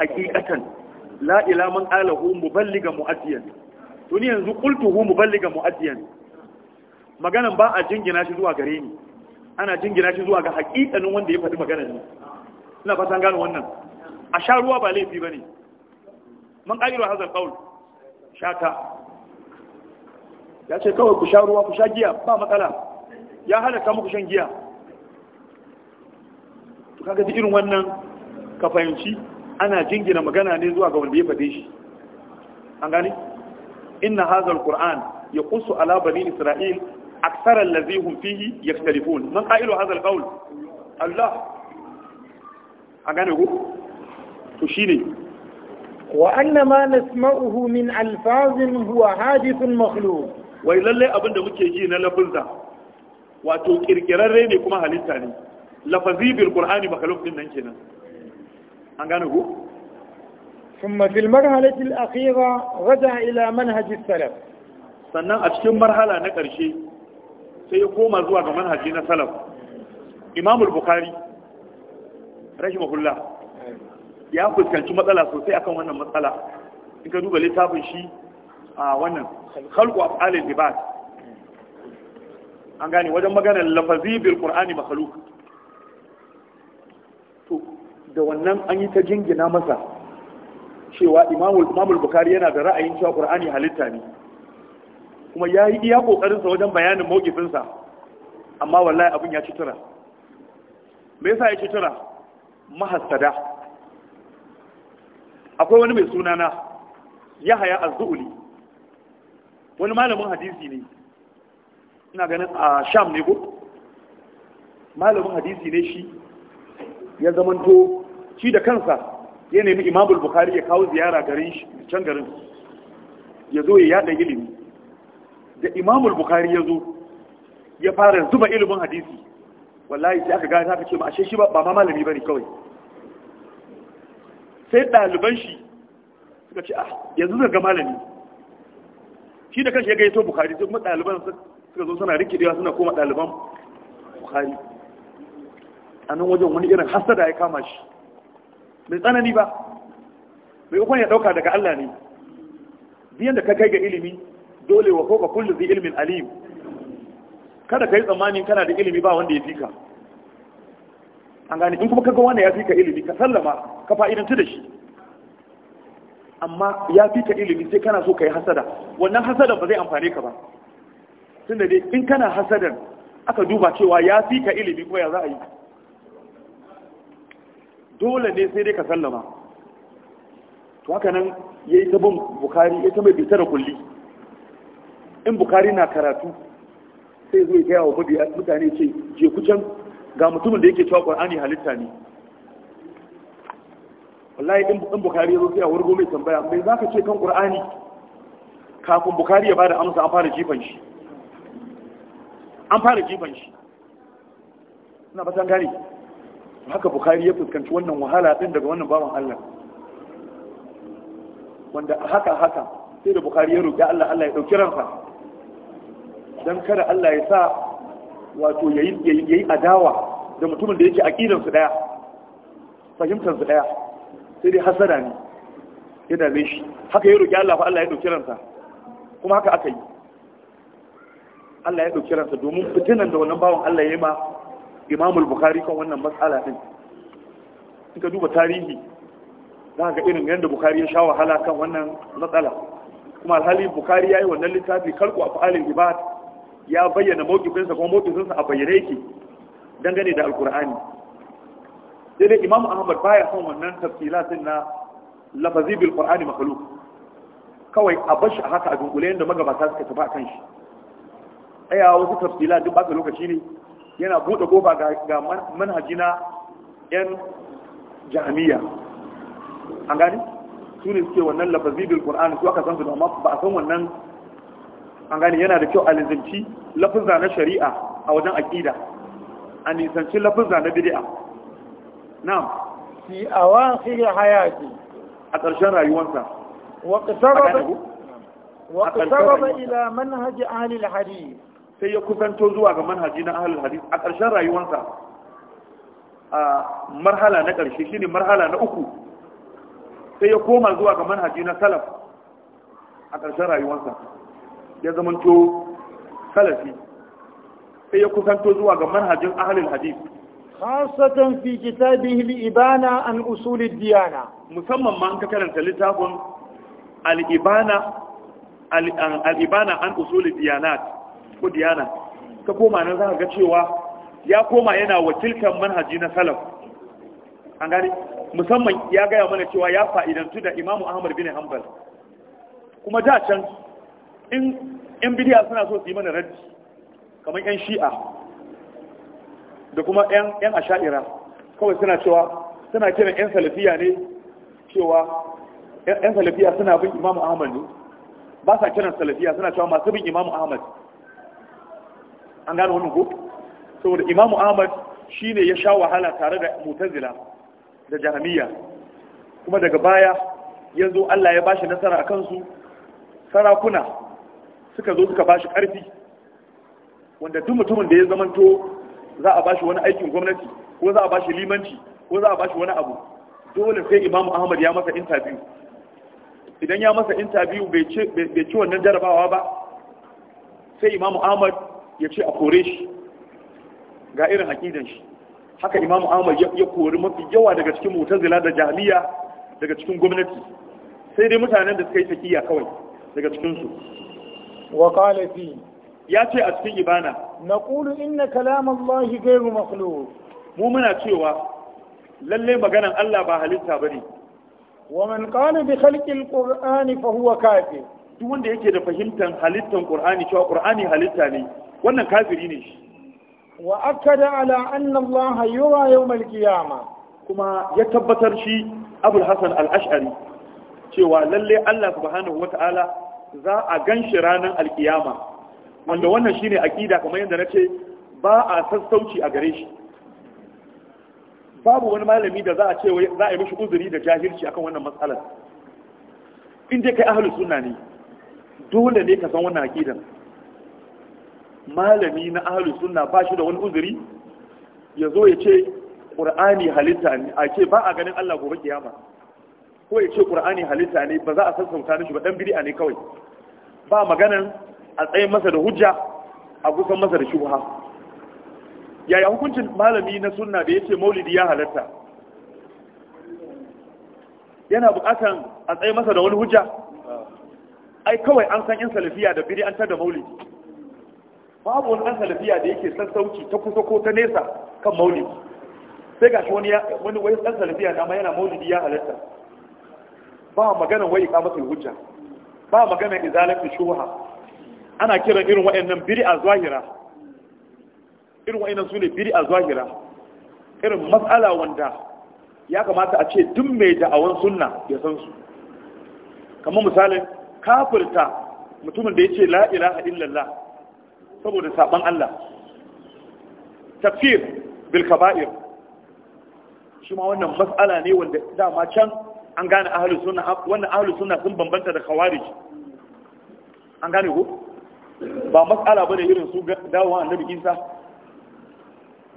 Speaker 1: haqiqatan la ila man qalahu muballiga mu'addiyan to ni yanzu qultuhu muballiga mu'addiyan maganan ba a jingina shi zuwa gare ni ana jingina shi zuwa ga hakikanin wanda ya faɗi maganan ne ina fatan gano wannan a sha ruwa ba laifi ba ne man ƙa'iru hazar ƙaul sha ta ya ce kawai ku sha ruwa ku sha giya ba matsala ya halatta muku shan giya to kaga duk irin wannan ka fahimci ana jingina magana ne zuwa ga wanda ya faɗe shi an gane inna hazal qur'an yaqussu ala bani isra'il أكثر الذين فيه يختلفون من قائل هذا القول الله أغانيه تشيني
Speaker 2: وأن ما نسمعه من ألفاظ هو حادث مخلوق
Speaker 1: وإلا أبن دمك يجينا لفظة wato kirkirarre ne kuma halitta ne lafazi bil qur'ani makhluq din nan kenan an gane ku
Speaker 2: ثم في المرحلة الأخيرة رجع إلى منهج السلف
Speaker 1: sannan a cikin marhala na ƙarshe sai ya koma zuwa ga manhaji na salaf imamul bukari rahimahullah ya fuskanci matsala sosai akan wannan matsala in ka duba littafin shi a wannan khalqu al ibad an gane wajen maganar lafazi bil qur'ani makhluq to da wannan an yi ta jingina masa cewa imamul imamul bukari yana da ra'ayin cewa qur'ani halitta ne kuma ya yi iya ƙoƙarinsa wajen bayanin mawukifinsa amma wallahi abin ya ci tura me yasa ya ci tura mahasada akwai wani mai suna na yahaya az-zu'li wani malamin hadisi ne ina ganin a sham ne ko malamin hadisi ne shi ya zamanto shi da kansa ya nemi Imamul bukhari ya kawo ziyara garin shi can garin ya zo ya yada ilimi da imamul bukari ya zo ya fara zuba ilimin hadisi wallahi sai aka gane aka ce ba ashe shi ba ma malami bane kawai sai ɗaliban shi suka ce ah yanzu ga malami shi da kashi ya gaito bukari sai kuma ɗaliban suka zo suna rikidewa suna koma ɗaliban bukari a nan wajen wani irin hasada ya kama shi mai tsanani ba mai ukun ya ɗauka daga Allah ne biyan da ka kai ga ilimi dole wa fawqa kulli dhi ilmin alim kada kai tsammanin kana da ilimi ba wanda ya fika an gane in kuma kaga wanda ya fika ilimi ka sallama ka fa'idanci da shi amma ya fika ilimi sai kana so ka yi hasada wannan hasadan ba zai amfane ka ba tunda dai in kana hasadan aka duba cewa ya fika ilimi ko ya za a yi dole ne sai dai ka sallama to haka nan ya yi ta bin bukari ya ta mai bitar da kulli in bukari na karatu sai zai gaya wa mabiya mutane ce je kucan ga mutumin da yake cewa qur'ani halitta ne wallahi in bukari zo sai a wurgo mai tambaya mai zaka ce kan qur'ani kafin bukari ya bada amsa an fara jifan shi an fara jifan shi ina fatan gane haka bukari ya fuskanci wannan wahala din daga wannan bawan Allah wanda haka haka sai da bukari ya roƙi Allah Allah ya ɗauki ransa don kada Allah ya sa wato ya yi adawa da mutumin da yake aƙidansu ɗaya fahimtansu ɗaya sai dai hasara ne ya dame shi haka ya roƙi Allah fa Allah ya ɗauki ransa kuma haka aka yi Allah ya ɗauki ransa domin fitinan da wannan bawan Allah ya yi ma imamul bukari kan wannan matsala ɗin in ka duba tarihi za ga irin yadda bukari ya sha wahala kan wannan matsala kuma alhali bukari ya yi wannan littafi ku a fa'alin ibad ya bayyana mawkifinsa kuma mawkifinsa a bayyane yake dangane da alkur'ani sai dai imamu ahmad baya son wannan tafsilatin na lafazi bil qur'ani makhluq kawai a bashi a haka a dunkule yadda magabata suka tafi a kan shi aya wasu tafsila duk ba lokaci ne yana bude goba ga manhaji na yan jami'a an gani su ne suke wannan lafazi bil qur'ani su aka san su amma ba a san wannan an gane yana da kyau a lizinci lafuzza na shari'a a wajen aƙida a nisanci lafuzza na bidi'a
Speaker 2: na'am fi a ƙarshen rayuwarsa wa qasaraba wa qasaraba sai ya kusanto
Speaker 1: zuwa ga manhaji na ahli al a ƙarshen rayuwansa a marhala na ƙarshe shine marhala na uku sai ya koma zuwa ga manhaji na salaf a ƙarshen rayuwansa. ya zamanto salafi sai ya kusanto zuwa ga manhajin ahalin hadith
Speaker 2: khasatan fi kitabihi al-ibana an usul diyana
Speaker 1: musamman ma an ka karanta littafin al-ibana uh, al-ibana an usul diyanat ko diyana ka koma nan ka ga cewa ya koma yana wakiltar manhaji na salaf an gani musamman ya gaya mana cewa ya fa'idantu da imamu ahmad bin hanbal kuma da can in yan bidiya suna so su yi mana raddi kamar yan shi'a da kuma yan asha'ira kawai suna cewa suna kiran yan salafiya ne cewa yan salafiya suna bin imamu ahmad ne ba sa kiran salafiya suna cewa masu bin imamu ahmad an gano wani ko saboda imamu ahmad shi ne ya sha wahala tare da mutazila da jahamiya kuma daga baya yanzu allah ya ba shi nasara a kansu sarakuna suka zo suka bashi karfi wanda duk mutumin da ya zamanto za a bashi wani aikin gwamnati ko za a bashi limanci ko za a bashi wani abu dole sai imamu ahmad ya masa interview idan ya masa interview bai ci wannan jarabawa ba sai imamu ahmad ya ce a kore shi ga irin hakidan shi haka imamu ahmad ya kori mafi yawa daga cikin mutazila da jahiliya daga cikin gwamnati sai dai mutanen da suka yi takiya kawai daga cikinsu wa qala ya ce a cikin ibana
Speaker 2: naqulu inna kalam Allah ghayru makhluq mu muna cewa
Speaker 1: lallai maganan Allah ba halitta bane
Speaker 2: wa man qala bi khalqi al-qur'ani
Speaker 1: duk wanda yake da fahimtar halittar ƙur'ani cewa qur'ani halitta ne wannan kafiri ne shi
Speaker 2: wa akada ala anna Allah yura yawm ƙiyama. kuma
Speaker 1: ya tabbatar shi Abul al-Ash'ari cewa lallai Allah subhanahu za a gan shi ranar alkiyama wanda wannan shine akida kamar yadda na ce ba a sassauci a gare shi babu wani malami da za a ce za a yi mishi uzuri da jahilci akan wannan matsalar in dai kai ahlus sunna ne dole ne ka san wannan akidan malami na ahlus sunna ba shi da wani uzuri ya zo ya ce qur'ani halitta ne a ce ba a ganin Allah gobe kiyama ko ya ce ƙur'ani halitta ne ba za a sassauta shi ba dan a ne kawai ba maganan a tsayin masa da hujja a kusan masa da shubha yaya hukuncin malami na sunna da ce maulidi ya halatta yana bukatan a tsayin masa da wani hujja ai kawai an san yan salafiya da biri an da maulidi babu wani ɗan salafiya da yake sassauci ta kusa ko ta nesa kan maulidi sai ga shi wani wani ɗan salafiya na ma yana maulidi ya halatta ba maganan wai masa hujja ba maganan izalatu shuha ana kiran irin wayannan biri azwahira irin wayannan sune biri azwahira irin mas'ala wanda ya kamata a ce duk mai da'awan sunna ya san su kamar misalin kafirta mutumin da yace la ilaha illallah saboda saban Allah tafsir bil kaba'ir shi ma wannan mas'ala ne wanda dama can an gane ahalus suna wannan ahalus suna sun bambanta da khawarij an gane ko ba matsala bane irin su dawowa annabi Isa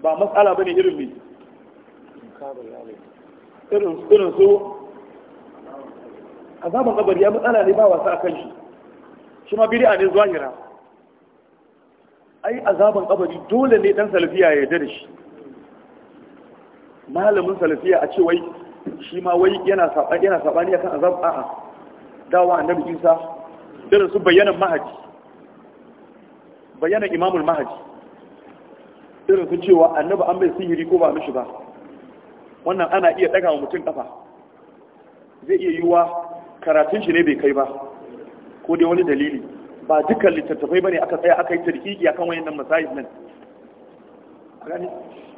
Speaker 1: ba matsala bane irin me irin irin su azaban kabari ya matsala ne ba wasa akan shi shi ma bid'a ne zahira ai azaban kabari dole ne dan salafiya ya yarda da shi malamin salafiya a ce wai shi ma wai yana sabani yana sabani akan azab a'a dawa annabi Isa irin su bayanan mahaji bayanan imamul mahaji irin su cewa annabi an bai sihiri ko ba mishi ba wannan ana iya ɗaga wa mutum kafa zai iya yiwuwa karatun shi ne bai kai ba ko dai wani dalili ba dukkan littattafai ne aka tsaya aka yi tarkiki akan wayannan masayis nan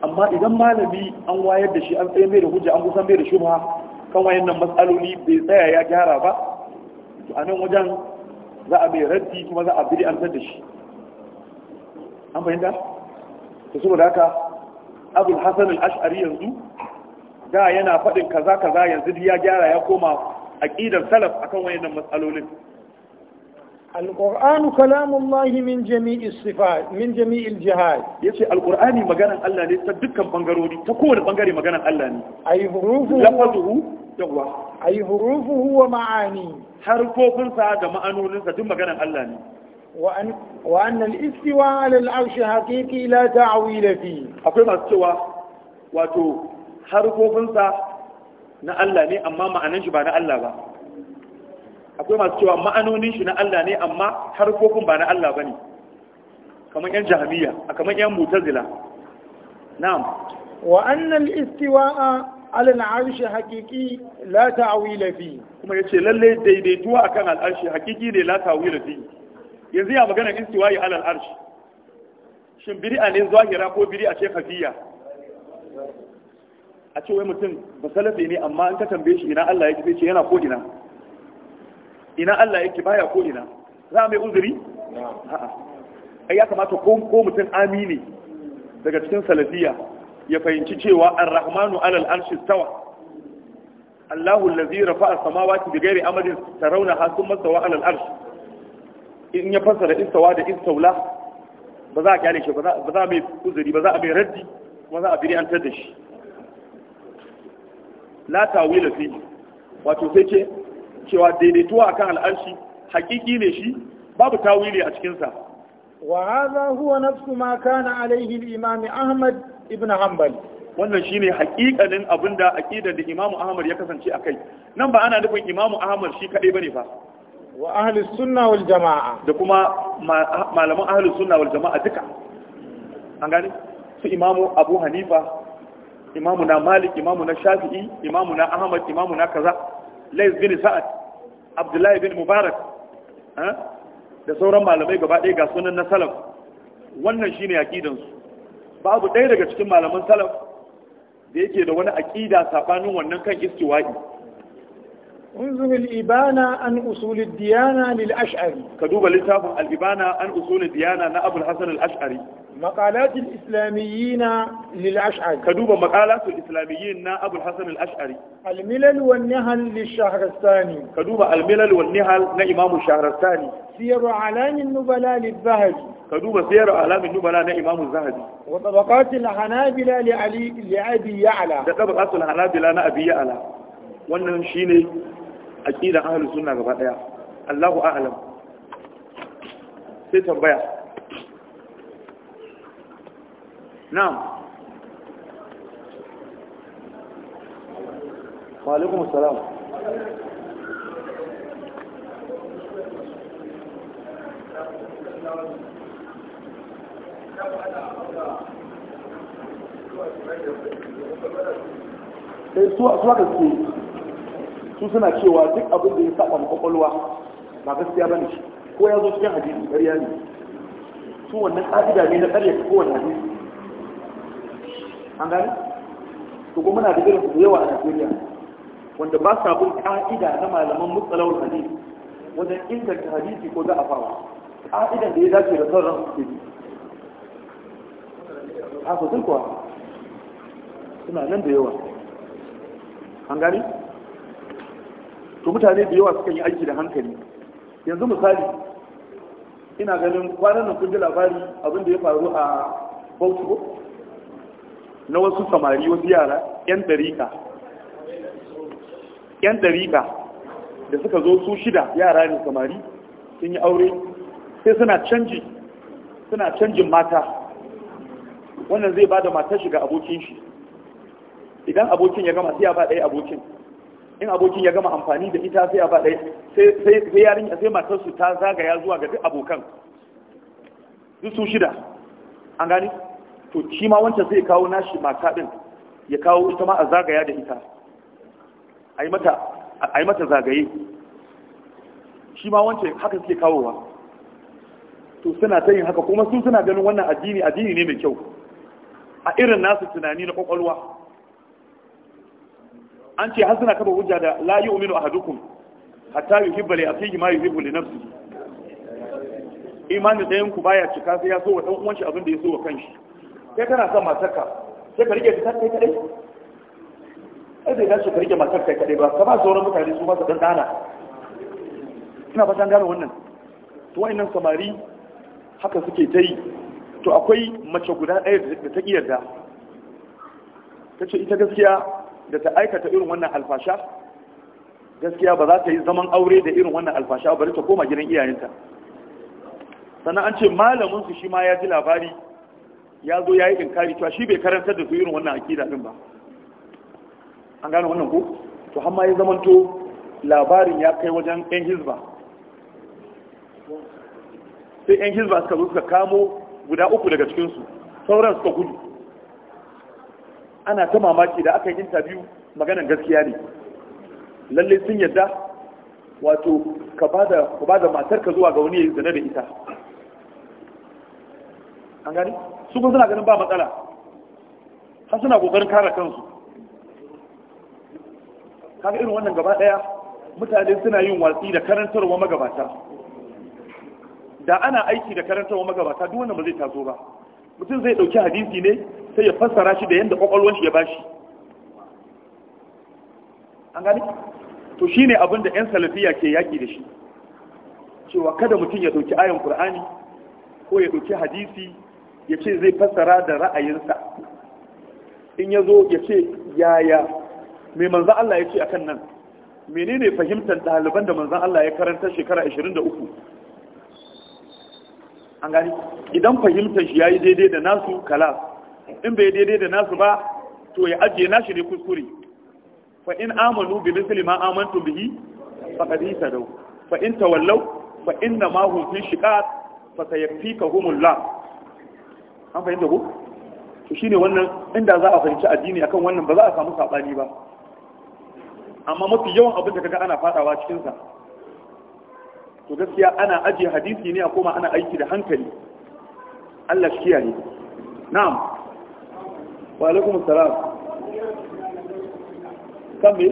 Speaker 1: amma idan malami an wayar da shi an tsaye mai da hujja an kusan mai da shubha kan wayannan matsaloli bai tsaya ya gyara ba to a nan wajen za a mai raddi kuma za a biri an da shi an fahimta to saboda haka abul hasan al-ash'ari yanzu da yana faɗin kaza kaza yanzu ya gyara ya koma aqidar salaf akan wayannan matsalolin
Speaker 2: القرآن كلام الله من جميع الصفات من جميع الجهات يشي القرآن مغانا الله ني تدكا بانغاروري تكون بانغاري مغانا الله ني أي حروفه لفظه يوا أي حروفه ومعانيه حرفوفنسا ده معانونسا دم مغانا الله ني وأن وأن الاستواء على العرش حقيقي لا تعويل فيه أقول ما استوى واتو حرفوفنسا
Speaker 1: na Allah ne amma ma'anan shi ba na Allah ba akwai masu cewa ma'anonin shi na Allah ne amma harkokin ba na Allah ba ne. kamar yan jahamiya a kamar yan mutazila na'am
Speaker 2: wa annal a ala al'arshi hakiki la ta'wila fi
Speaker 1: kuma yace lalle daidaituwa akan al'arshi hakiki ne la ta'wila fi yanzu ya magana ya ala al'arshi shin bid'a ne zahira ko biri a ce hafiya? a ce wai mutum ba ne amma an ka tambaye shi ina Allah yake ce yana ko ina ina Allah yake baya ko ina za mai uzuri a'a ya kamata ko mutum amini daga cikin salafiya ya fahimci cewa ar-rahmanu alal arshi tawa? Allahu allazi rafa'a samawati bighairi amadin tarawna hasum masawa alal arshi in ya fassara istawa da istawla ba za a kyale shi ba za a mai uzuri ba za a mai raddi kuma za a biri an tar da shi la tawila fi wato sai ce cewa daidaituwa a kan al'arshi haƙiƙi ne shi babu tawili a cikinsa
Speaker 2: wa hadha huwa nafsu ma kana alaihi al-imam ahmad
Speaker 1: ibn hanbal wannan shine hakikanin abinda aqidar da imam ahmad ya kasance akai nan ba ana nufin imam ahmad shi kadai bane fa wa ahli sunna wal jamaa da kuma malaman ahli sunna wal jamaa duka an gane su imamu abu hanifa imamu na malik imamu na shafi'i imamu na ahmad imamu na kaza lais bin sa'ad abdullahi bin mubarak da sauran malamai gaba ɗaya ga sunan na salaf wannan shine aqidansu babu ɗaya daga cikin malaman salaf da yake da wani aƙida saɓanin wannan kan iski istiwa'i
Speaker 2: انظر الإبانة عن أصول الديانة للأشعري
Speaker 1: كدوب لتاب الإبانة عن أصول الديانة لابو الحسن الأشعري
Speaker 2: مقالات الإسلاميين للأشعري كدوب مقالات
Speaker 1: الإسلاميين لابو الحسن
Speaker 2: الأشعري الملل والنهل للشهرستاني كدوب الملل والنهل
Speaker 1: الشهر الشهرستاني
Speaker 2: سير أعلام النبلاء للذهبي كدوب سير أعلام النبلاء لامام الذهبي وطبقات الحنابلة لعلي لأبي يعلى
Speaker 1: طبقات الحنابلة لابي يعلى wannan شيني aqidan ahlus sunna gaba daya Allahu a'lam sai tambaya na'am wa alaikum assalam sai eh, su aka ce su suna cewa duk abin da ya saba ma kwakwalwa ba gaskiya ne shi ko ya zo cikin hadisi ƙarya ne su wannan ƙa'ida ne na ƙarya kowane hadisi an gani to kuma muna da irin su yawa a Najeriya wanda ba sa bin ƙa'ida na malaman mutsalawar hadisi wajen inganta hadisi ko za a za'afawa ƙa'idan da ya dace da sauran su ke a sosai kuwa suna nan da yawa an gani to mutane da yawa suka yi aiki da hankali yanzu misali ina ganin kwanan nan kun ji labari abin da ya faru a bautu na wasu samari wasu yara yan dariƙa yan dariƙa da suka zo su shida yara ne samari sun yi aure sai suna canji suna canjin mata wannan zai ba da mata shiga abokin shi idan abokin ya gama sai ya ba ɗaya abokin in abokin ya gama amfani da ita sai a ba ɗaya sai yarinya sai matarsu ta zagaya zuwa ga duk abokan duk su shida an gani to shi ma wancan sai kawo nashi mata ɗin ya kawo ita ma a zagaya da ita a yi mata zagaye shi ma wancan haka suke kawowa to suna ta yin haka kuma su suna ganin wannan addini addini ne mai kyau a irin nasu tunani na kwakwalwa an ce har suna kafa hujja da la yu'minu ahadukum hatta yuhibba li akhihi ma yuhibbu li nafsihi imanin da ku baya cika sai ya so wa ɗan uwanshi abin da ya so wa kanshi Sai kana son matarka sai ka rike ta kai kadai
Speaker 2: ai bai dace ka rike matar kai kadai ba ka ba
Speaker 1: sauran mutane su ba su dan dana ina ba san gane wannan to wayannan samari haka suke ta yi to akwai mace guda ɗaya da ta iya da ta ce ita gaskiya da ta aikata irin wannan alfasha gaskiya ba za ta yi zaman aure da irin wannan alfasha bari ta koma gidan iyayenta sannan an ce malamin su shi ma ya ji labari ya zo ya yi inkari cewa shi bai karantar da su irin wannan akida din ba an gane wannan ko to har ma ya zamanto labarin ya kai wajen yan hizba sai yan hizba suka zo suka kamo guda uku daga cikin su sauran suka gudu ana ta mamaki da aka yi biyu maganan gaskiya ne lalle sun yadda wato ka ba da matar ka zuwa ga wani yayin zane da ita an gani su kun suna ganin ba matsala har suna kokarin kare kansu kaga irin wannan gaba daya mutane suna yin watsi da karantarwa magabata da ana aiki da karantarwa magabata duk wannan ba zai taso ba mutum zai dauki hadisi ne sai ya fassara shi da yadda kwakwalwar shi ya bashi an gani to shi ne abinda 'yan salafiya ke yaki da shi cewa kada mutum ya dauki ayon qur'ani ko ya dauki hadisi ya ce zai fassara da ra'ayinsa in ya zo ya ce yaya mai manzan Allah ya ce akan nan menene fahimtar ɗaliban da manzan Allah ya karanta shekara 23 an gani idan fahimtar shi ya yi daidai da nasu kalas in bai daidai da nasu ba to ya ajiye nashi ne kuskure fa in amanu bi misli ma amantu bihi faqad dau. fa in tawallaw fa inna ma hum fi shiqaq fa sayakfikahumullah an fahimta ko to shine wannan inda za a fahimci addini akan wannan ba za a samu sabani ba amma mafi yawan abin da kaga ana fadawa cikin sa to gaskiya ana ajiye hadisi ne a koma ana aiki da hankali Allah shi ne na'am wa alaikum salam kan me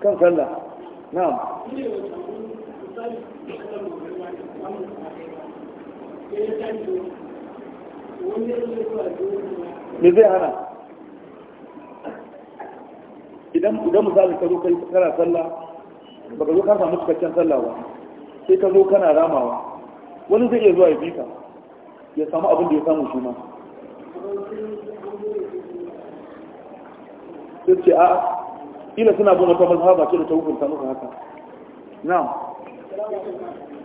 Speaker 1: kan sallah na. me zai hana idan idan misali ka zo kai kana sallah baka zo ka samu cikakken sallah ba sai ka zo kana ramawa wani zai iya zuwa ya bi ka ya samu abin da ya samu shi ma sai ce a ila suna bin wata mazhaba ce da ta hukunta musu haka na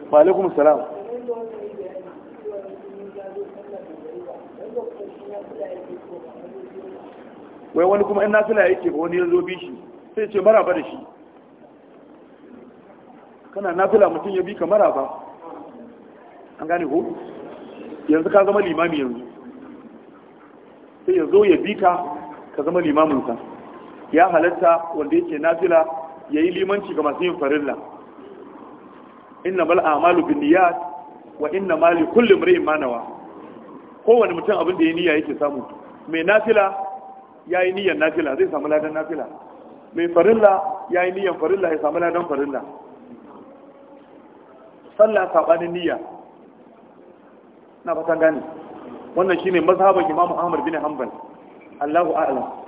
Speaker 3: wa salam
Speaker 1: wai wani kuma in nafila yake ba wani ya zo bi shi sai ce mara ba da shi kana nafila mutum ya bi ka ba. an gane ko yanzu ka zama limami yanzu sai ya zo ya bi ka ka zama limaminsa ya halatta wanda yake nafila ya yi limanci ga masu yin farilla inna bal amalu bin niyyat wa inna mali kulli imrin ma nawa kowane mutum abin da ya niyya yake samu mai nafila ya yi niyyar nafila zai samu ladan nafila mai farilla ya yi niyyar farilla ya samu ladan farilla sallah sabanin niyya na fatan gane wannan shine mazhabin imamu ahmad bin hanbal Allahu a'lam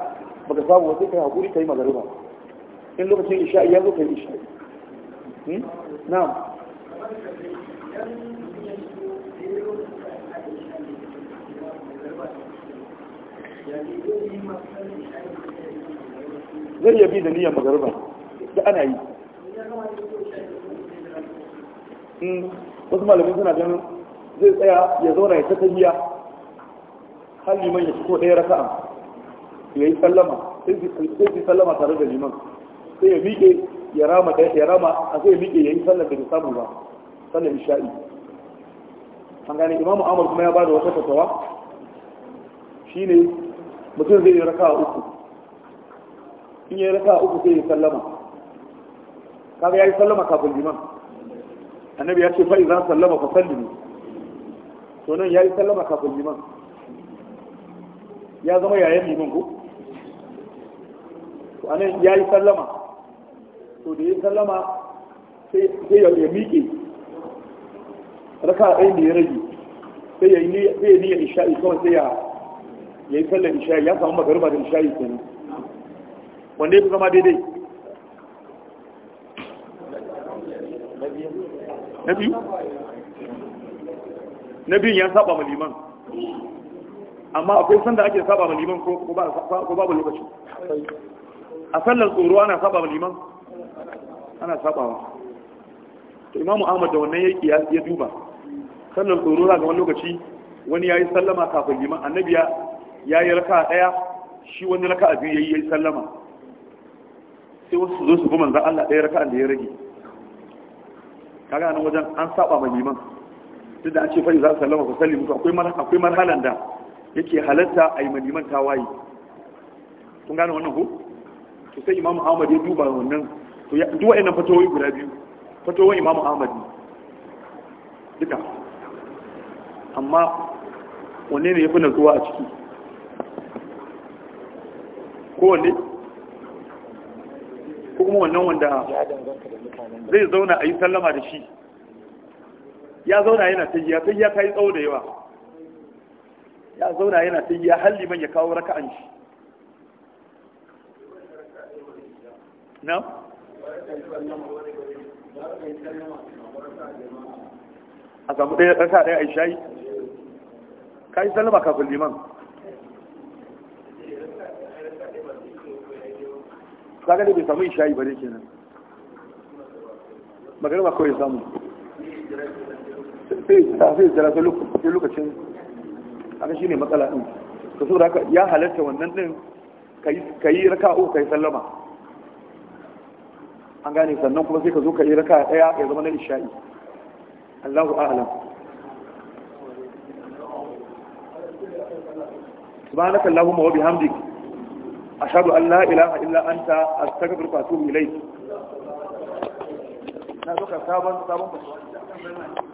Speaker 1: baka samu wasu kai hakuri kai magariba in lokacin isha ya zo kai isha hmm? na zai iya bi da niyyar magariba da ana yi hmm? wasu malamin suna ganin zai tsaya ya zauna ya ta tafiya har ya ya fito ɗaya raka'a ya yi sallama sai su sallama tare da liman sai ya miƙe ya rama ɗaya ya rama a sai ya miƙe ya yi sallar da bai samu ba sallar isha'i an gane imam amur kuma ya bada wata fatawa shine mutum zai yi raka uku in yi raka uku sai ya sallama kaga ya yi sallama kafin liman annabi ya ce fa idan sallama fa sallimi to nan ya yi sallama kafin liman ya zama yayin liman ko to nan ya yi sallama to da ya sallama sai ya miƙe raka ɗaya da ya rage sai ya yi niyyar isha'i kawai sai ya yi sallar isha'i ya samu magarba da isha'i kenan wanda ya fi zama daidai na biyu na biyun ya saba ma liman amma akwai sanda ake saba ma liman ko babu lokaci a sallar tsoro ana saba wa liman ana wa ta imamu ahmad da wannan yaki ya duba sallar tsoro za ga wani lokaci wani ya yi sallama kafin liman annabi ya yi raka a daya shi wani raka a biyu ya yi ya yi sallama sai wasu zo su fi manzan Allah ɗaya raka da ya rage kaga nan wajen an saba wa liman duk da an ce fari za sallama ku sallimu akwai akwai marhalan da yake halatta a yi ma liman tawaye kun gane wannan ko to sai imamu ahmad ya duba wannan to ya duwa yana fatowi guda biyu fatowar imamu ahmad ne duka amma wanne ne ya fi nazuwa a ciki Ko wanne, ko kuma wannan wanda zai zauna a yi sallama da shi ya zauna yana tajiya tajiya ta yi tsawo da yawa ya zauna yana tajiya halli man ya kawo raka'an shi na? a samu ɗaya ƙasa ɗaya a yi shayi ka yi sallama kafin liman kaga da bai samu shayi ba dai kenan magana ba kawai samu sai jira sai lokacin haka ne matsala din to saboda haka ya halatta wannan ɗin, ka yi raka uku ka yi sallama an gane sannan kuma sai ka zo ka yi raka daya ya zama na isha'i Allahu a'lam subhanaka allahumma wa bihamdik ashhadu an la ilaha illa anta astaghfiruka wa atubu ilayk na zo ka sabon
Speaker 3: sabon